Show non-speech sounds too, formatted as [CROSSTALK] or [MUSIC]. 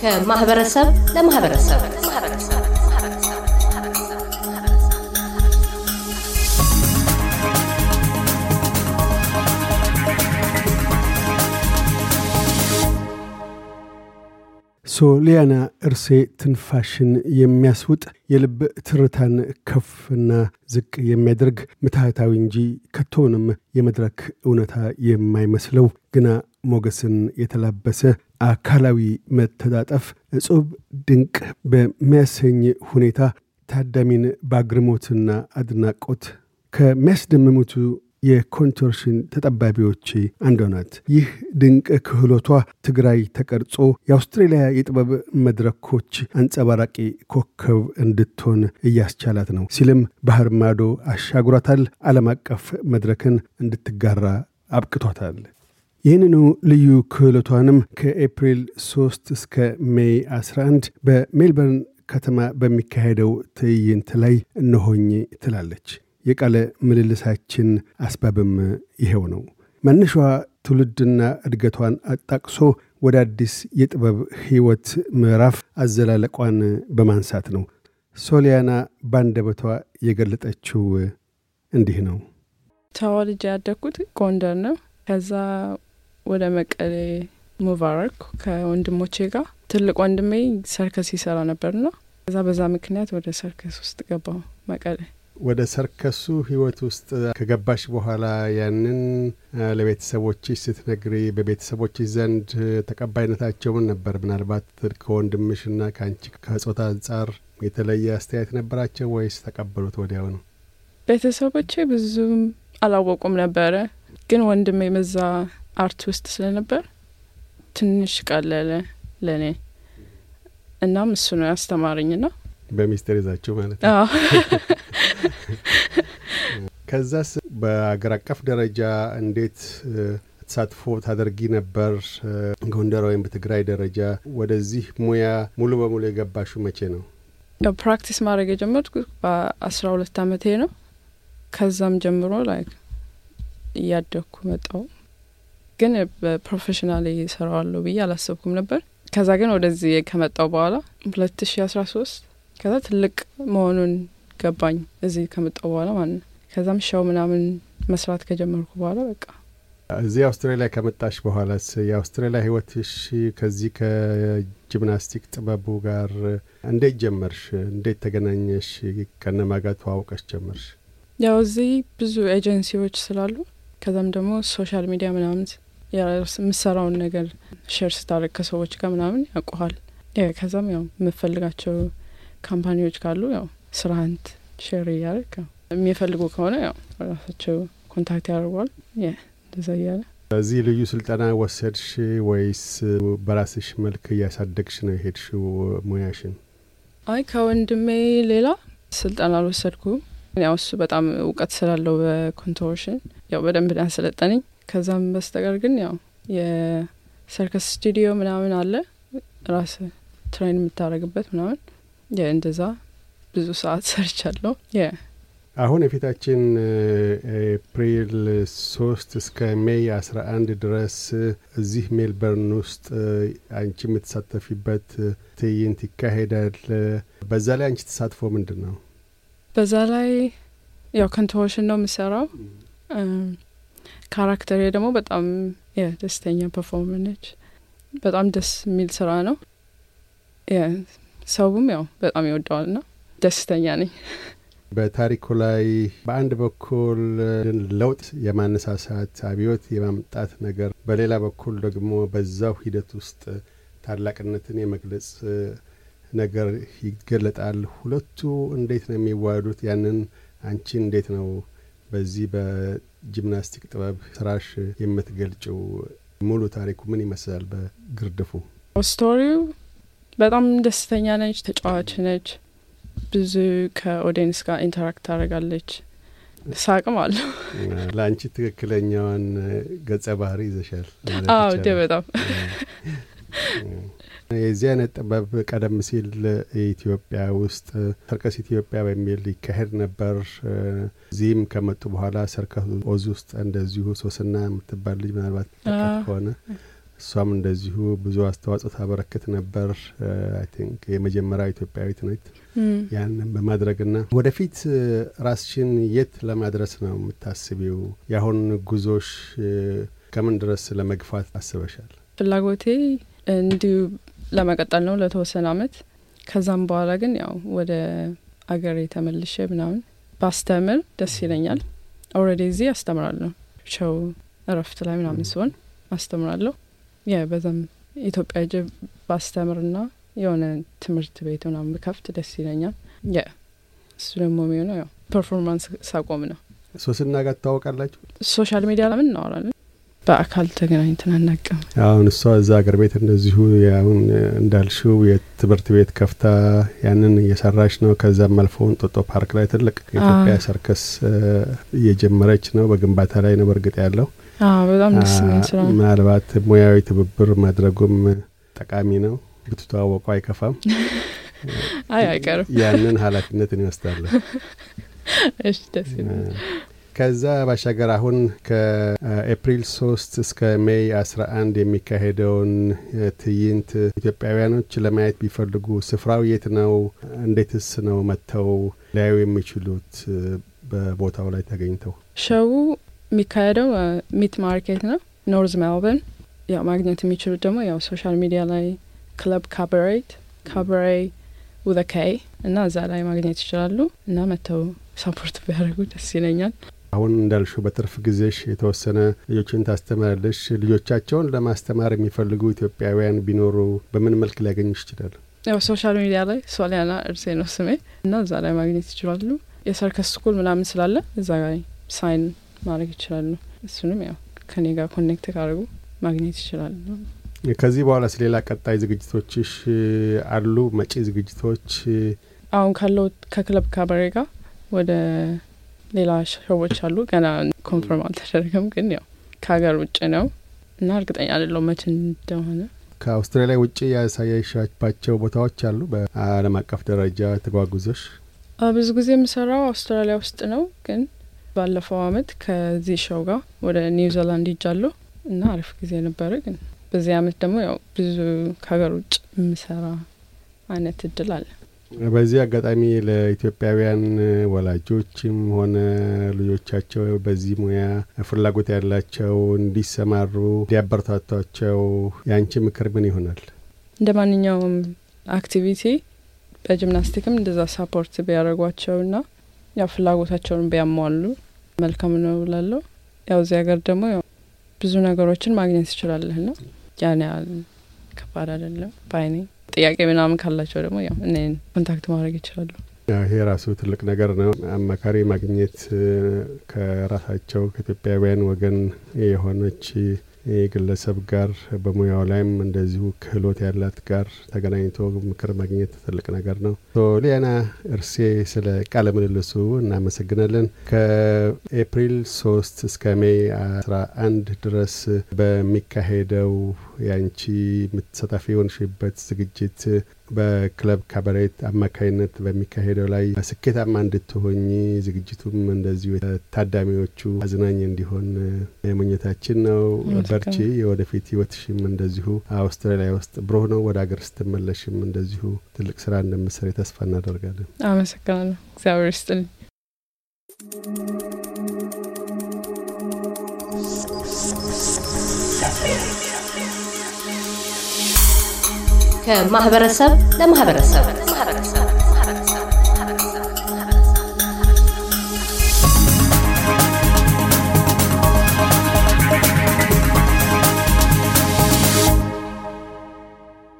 ከማህበረሰብ ለማህበረሰብ ሶሊያና እርሴ ትንፋሽን የሚያስውጥ የልብ ትርታን ከፍና ዝቅ የሚያደርግ ምትሃታዊ እንጂ ከቶውንም የመድረክ እውነታ የማይመስለው ግና ሞገስን የተላበሰ አካላዊ መተጣጠፍ እጹብ ድንቅ በሚያሰኝ ሁኔታ ታዳሚን በአግርሞትና አድናቆት ከሚያስደምሙቱ የኮንቶርሽን ተጠባቢዎች አንዷ ናት። ይህ ድንቅ ክህሎቷ ትግራይ ተቀርጾ የአውስትሬልያ የጥበብ መድረኮች አንጸባራቂ ኮከብ እንድትሆን እያስቻላት ነው ሲልም ባህር ማዶ አሻግሯታል። ዓለም አቀፍ መድረክን እንድትጋራ አብቅቷታል። ይህንኑ ልዩ ክህሎቷንም ከኤፕሪል 3 እስከ ሜይ 11 በሜልበርን ከተማ በሚካሄደው ትዕይንት ላይ እነሆኝ ትላለች። የቃለ ምልልሳችን አስባብም ይሄው ነው። መነሻዋ ትውልድና እድገቷን አጣቅሶ ወደ አዲስ የጥበብ ሕይወት ምዕራፍ አዘላለቋን በማንሳት ነው። ሶሊያና ባንደበቷ የገለጠችው እንዲህ ነው። ተወልጄ ያደግኩት ጎንደር ነው። ከዛ ወደ መቀሌ ሙባረክ ከወንድሞቼ ጋር ትልቅ ወንድሜ ሰርከስ ይሰራ ነበርና ከዛ በዛ ምክንያት ወደ ሰርከስ ውስጥ ገባው መቀሌ ወደ ሰርከሱ ህይወት ውስጥ ከገባሽ በኋላ ያንን ለቤተሰቦችሽ ስትነግሪ በቤተሰቦችሽ ዘንድ ተቀባይነታቸው ምን ነበር? ምናልባት ከወንድምሽና ከአንቺ ከጾታ አንጻር የተለየ አስተያየት ነበራቸው ወይስ ተቀበሉት ወዲያው ነው? ቤተሰቦቼ ብዙም አላወቁም ነበረ፣ ግን ወንድሜ የመዛ አርት ውስጥ ስለነበር ትንሽ ቀለለ ለእኔ። እናም እሱ ነው ያስተማረኝ። ና በሚስጥር ይዛችሁ ማለት ነው ከዛስ በአገር አቀፍ ደረጃ እንዴት ተሳትፎ ታደርጊ ነበር? ጎንደር ወይም በትግራይ ደረጃ ወደዚህ ሙያ ሙሉ በሙሉ የገባሹ መቼ ነው? ፕራክቲስ ማድረግ የጀመርኩት በአስራ ሁለት አመቴ ነው። ከዛም ጀምሮ ላይ እያደግኩ መጣው። ግን በፕሮፌሽናል እሰራዋለሁ ብዬ አላሰብኩም ነበር። ከዛ ግን ወደዚህ ከመጣው በኋላ ሁለት ሺ አስራ ሶስት ከዛ ትልቅ መሆኑን ገባኝ እዚህ ከመጣሁ በኋላ ማለት ነው። ከዛም ሻው ምናምን መስራት ከጀመርኩ በኋላ በቃ እዚህ አውስትራሊያ ከመጣሽ በኋላ የአውስትራሊያ ህይወትሽ ከዚህ ከጂምናስቲክ ጥበቡ ጋር እንዴት ጀመርሽ? እንዴት ተገናኘሽ? ከነማጋ ተዋውቀሽ ጀመርሽ? ያው እዚህ ብዙ ኤጀንሲዎች ስላሉ ከዛም ደግሞ ሶሻል ሚዲያ ምናምን የምሰራውን ነገር ሼር ስታደርግ ከሰዎች ጋር ምናምን ያውቁሃል። ከዛም ያው የምፈልጋቸው ካምፓኒዎች ካሉ ያው ስራንት ሼር እያደረግ የሚፈልጉ ከሆነ ያው ራሳቸው ኮንታክት ያደርጓል። እንደዛ እያለ በዚህ ልዩ ስልጠና ወሰድሽ ወይስ በራስሽ መልክ እያሳደግሽ ነው የሄድሽው ሙያሽን? አይ ከወንድሜ ሌላ ስልጠና አልወሰድኩ። ያው እሱ በጣም እውቀት ስላለው በኮንትሮሽን ያው በደንብ ና ስለጠነኝ። ከዛም በስተቀር ግን ያው የሰርከስ ስቱዲዮ ምናምን አለ ራስ ትሬን የምታደርግበት ምናምን እንደዛ ብዙ ሰዓት ሰርቻለሁ። አሁን የፊታችን ኤፕሪል ሶስት እስከ ሜይ አስራ አንድ ድረስ እዚህ ሜልበርን ውስጥ አንቺ የምትሳተፊበት ትዕይንት ይካሄዳል። በዛ ላይ አንቺ ተሳትፎ ምንድን ነው? በዛ ላይ ያው ከንትዎሽን ነው የምሰራው። ካራክተሬ ደግሞ በጣም ደስተኛ ፐርፎርመንች በጣም ደስ የሚል ስራ ነው። ሰውም ያው በጣም ይወደዋል ና ደስተኛ ነኝ። በታሪኩ ላይ በአንድ በኩል ለውጥ የማነሳሳት አብዮት የማምጣት ነገር፣ በሌላ በኩል ደግሞ በዛው ሂደት ውስጥ ታላቅነትን የመግለጽ ነገር ይገለጣል። ሁለቱ እንዴት ነው የሚዋሃዱት? ያንን አንቺ እንዴት ነው በዚህ በጂምናስቲክ ጥበብ ስራሽ የምትገልጭው? ሙሉ ታሪኩ ምን ይመስላል? በግርድፉ ስቶሪው በጣም ደስተኛ ነች፣ ተጫዋች ነች። ብዙ ከኦዲየንስ ጋር ኢንተራክት ታደርጋለች። ሳቅም አለሁ። ለአንቺ ትክክለኛውን ገጸ ባህሪ ይዘሻል። አዎ ዴ በጣም የዚህ አይነት ጥበብ ቀደም ሲል ኢትዮጵያ ውስጥ ሰርከስ ኢትዮጵያ በሚል ይካሄድ ነበር። እዚህም ከመጡ በኋላ ሰርከስ ኦዝ ውስጥ እንደዚሁ ሶስና የምትባል ልጅ ምናልባት ከሆነ እሷም እንደዚሁ ብዙ አስተዋጽኦ ታበረክት ነበር። አይ ቲንክ የመጀመሪያ ኢትዮጵያዊት ነች። ያንን በማድረግና ወደፊት ራስሽን የት ለማድረስ ነው የምታስቢው? የአሁን ጉዞሽ ከምን ድረስ ለመግፋት አስበሻል? ፍላጎቴ እንዲሁ ለመቀጠል ነው ለተወሰነ አመት። ከዛም በኋላ ግን ያው ወደ አገር ተመልሼ ምናምን ባስተምር ደስ ይለኛል። ኦልሬዲ እዚህ አስተምራለሁ ሸው እረፍት ላይ ምናምን ሲሆን አስተምራለሁ በዛም ኢትዮጵያ ጅ ባስተምርና የሆነ ትምህርት ቤት ምናምን ብከፍት ደስ ይለኛል። ያ እሱ ደግሞ የሚሆነው ያው ፐርፎርማንስ ሳቆም ነው። ሶስና ጋር ትታወቃላችሁ? ሶሻል ሚዲያ ለምን እናወራለን? በአካል ተገናኝተን አናውቅም። አሁን እሷ እዛ አገር ቤት እንደዚሁ አሁን እንዳልሽው የትምህርት ቤት ከፍታ ያንን እየሰራች ነው። ከዛም አልፎ እንጦጦ ፓርክ ላይ ትልቅ የኢትዮጵያ ሰርከስ እየጀመረች ነው። በግንባታ ላይ ነው በእርግጥ ያለው በጣም ደስ የሚል ስራ። ምናልባት ሙያዊ ትብብር ማድረጉም ጠቃሚ ነው። ብትተዋወቁ አይከፋም። [LAUGHS] አይ አይቀርም። ያንን [LAUGHS] ኃላፊነት እንወስዳለን። እሺ ደስ ይላል። ከዛ ባሻገር አሁን ከኤፕሪል ሶስት እስከ ሜይ አስራ አንድ የሚካሄደውን ትዕይንት ኢትዮጵያውያኖች ለማየት ቢፈልጉ ስፍራው የት ነው? እንዴትስ ነው መጥተው ሊያዩ የሚችሉት? በቦታው ላይ ተገኝተው ሸው የሚካሄደው ሚት ማርኬት ነው፣ ኖርዝ ሜልበን ያው ማግኘት የሚችሉት ደግሞ ያው ሶሻል ሚዲያ ላይ ክለብ ካበሬት ካበሬ ውዘካይ እና እዛ ላይ ማግኘት ይችላሉ እና መጥተው ሰፖርት ቢያደርጉ ደስ ይለኛል። አሁን እንዳልሹ በትርፍ ጊዜሽ የተወሰነ ልጆችን ታስተምራለሽ። ልጆቻቸውን ለማስተማር የሚፈልጉ ኢትዮጵያውያን ቢኖሩ በምን መልክ ሊያገኙ ይችላሉ? ያው ሶሻል ሚዲያ ላይ ሶሊያና እርሴ ነው ስሜ እና እዛ ላይ ማግኘት ይችላሉ። የሰርከስ ስኩል ምናምን ስላለ እዛ ላይ ሳይን ማድረግ ይችላሉ። እሱንም ያው ከኔ ጋር ኮኔክት ካደርጉ ማግኘት ይችላሉ። ከዚህ በኋላ ስሌላ ቀጣይ ዝግጅቶችሽ አሉ? መጪ ዝግጅቶች? አሁን ካለው ከክለብ ካበሬ ጋር ወደ ሌላ ሾዎች አሉ። ገና ኮንፈርም አልተደረገም፣ ግን ያው ከሀገር ውጭ ነው እና እርግጠኛ አይደለሁም መቼ እንደሆነ። ከአውስትራሊያ ውጭ ያሳያሻባቸው ቦታዎች አሉ? በዓለም አቀፍ ደረጃ ተጓጉዞሽ? ብዙ ጊዜ የምሰራው አውስትራሊያ ውስጥ ነው ግን ባለፈው አመት ከዚህ ሸው ጋር ወደ ኒውዚላንድ ሄጃለሁ እና አሪፍ ጊዜ ነበረ። ግን በዚህ አመት ደግሞ ያው ብዙ ከሀገር ውጭ የምሰራ አይነት እድል አለ። በዚህ አጋጣሚ ለኢትዮጵያውያን ወላጆችም ሆነ ልጆቻቸው በዚህ ሙያ ፍላጎት ያላቸው እንዲሰማሩ እንዲያበረታቷቸው የአንቺ ምክር ምን ይሆናል? እንደ ማንኛውም አክቲቪቲ በጂምናስቲክም እንደዛ ሳፖርት ና ያው ፍላጎታቸውን ቢያሟሉ መልካም ነው ብላለሁ። ያው እዚህ ሀገር ደግሞ ብዙ ነገሮችን ማግኘት ትችላለህ ነው ያን ያህል ከባድ አይደለም በአይኔ ጥያቄ ምናምን ካላቸው ደግሞ ያው እኔን ኮንታክት ማድረግ ይችላሉ። ይሄ ራሱ ትልቅ ነገር ነው። አማካሪ ማግኘት ከራሳቸው ከኢትዮጵያውያን ወገን የሆነች የግለሰብ ጋር በሙያው ላይም እንደዚሁ ክህሎት ያላት ጋር ተገናኝቶ ምክር ማግኘት ትልቅ ነገር ነው። ሊያና እርሴ ስለ ቃለ ምልልሱ እናመሰግናለን። ከኤፕሪል ሶስት እስከ ሜይ አንድ ድረስ በሚካሄደው የአንቺ የምትሳተፊ የሆንሽበት ዝግጅት በክለብ ካበሬት አማካይነት በሚካሄደው ላይ ስኬታማ እንድትሆኝ ዝግጅቱም እንደዚሁ ታዳሚዎቹ አዝናኝ እንዲሆን የመኘታችን ነው። በርቺ። የወደፊት ህይወትሽም እንደዚሁ አውስትራሊያ ውስጥ ብሩህ ነው። ወደ ሀገር ስትመለሽም እንደዚሁ ትልቅ ስራ እንደምትሰሪ ተስፋ እናደርጋለን። አመሰግናለሁ። እግዚአብሔር ይስጥልኝ። ከማህበረሰብ ለማህበረሰብ